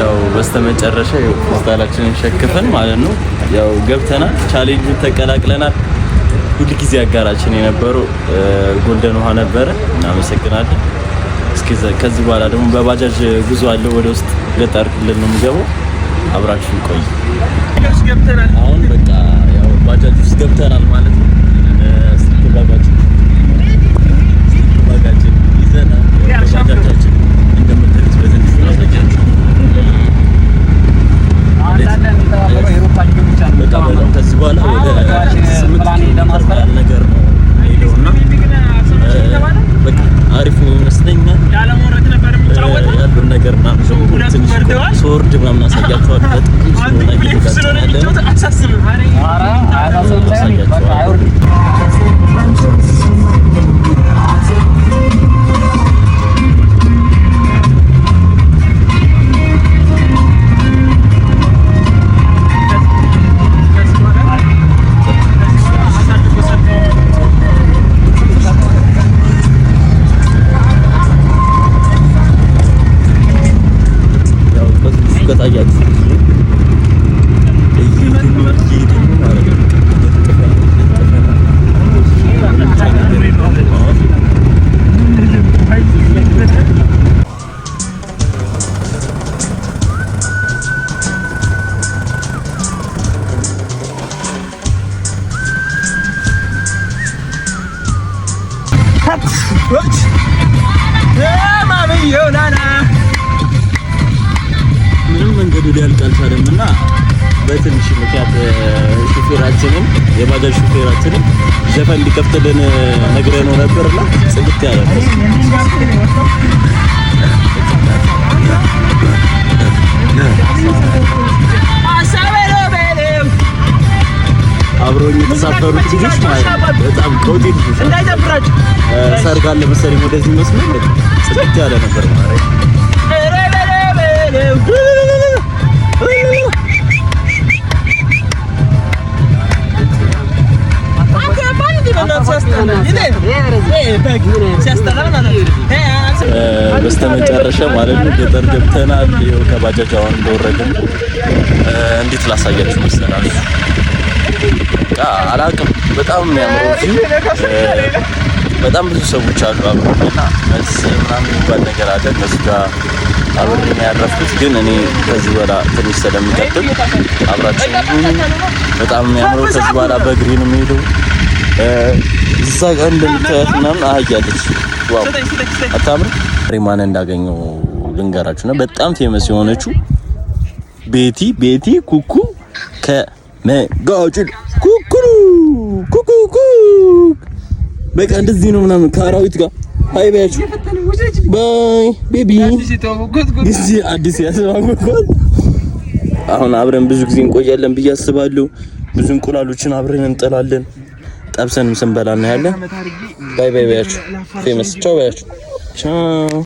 ያው በስተመጨረሻ ያው ሸክፈን ማለት ነው ያው ገብተናል። ቻሌንጁን ተቀላቅለናል። ሁል ጊዜ አጋራችን የነበረው ጎልደን ውሃ ነበረ። እናመሰግናለን። ከዚህ በኋላ ደግሞ በባጃጅ ጉዞ አለው ወደ ውስጥ ገጠር ክልል ነው የሚገባው። አብራችሁ ቆይ። አሁን በቃ ያው ባጃጅ ውስጥ ገብተናል ማለት በቃ አሪፍ ነው ይመስለኛል። ያለመውረድ ነበር የምትጫወተው ያለውን ነገር ምናምን ስወርድ ምናምን አሳያቸዋለሁ Ajax. ሊያልቅ አልቻለም እና በትንሽ ምክንያት ሹፌራችንም የባጃጅ ሹፌራችንም ዘፈን እንዲከፍትልን ነበር ነበርና ጽድት ያለ አብሮኝ የተሳፈሩት ልጆች ማለት በጣም ቆንጆ ልጆች ሰርግ አለ መሰለኝ ወደዚህ መስሎኝ ጽድት ያለ ነበር ማለት በስተመጨረሻ መጨረሻ ማለት ነው ገጠር ገብተናል። ይኸው ከባጃጅ አሁን እንዴት ላሳያችሁ መስለናል። አላውቅም፣ በጣም የሚያምረው በጣም ብዙ ሰዎች አሉ አብረውና መልስ ምናምን የሚባል ነገር አለ እነሱ ጋር አብሬ ነው ያረፍኩት። ግን እኔ ከዚህ በኋላ ትንሽ ስለሚቀጥል አብራችሁ በጣም የሚያምረው ከዚህ በኋላ በእግሬ ነው የምሄደው እዛ ጋር እንደምታያት ምናምን አህያለች። ዋው አታምር። ሪማን እንዳገኘው ልንገራችሁ ነው። በጣም ፌመስ የሆነችው ቤቲ ቤቲ ኩኩ ከመጋጭል ኩኩሩ ኩኩኩ በቃ እንደዚህ ነው ምናምን ከአራዊት ጋር ሀይ በያችሁ ባይ ቤቢ ጊዜ አዲስ ያስባጉት አሁን አብረን ብዙ ጊዜ እንቆያለን ብዬ አስባለሁ። ብዙ እንቁላሎችን አብረን እንጠላለን። ጠብሰንም ስንበላ እናያለን። ባይ ባይ ባያችሁ፣ ፌመስ ቻው ባያችሁ፣ ቻው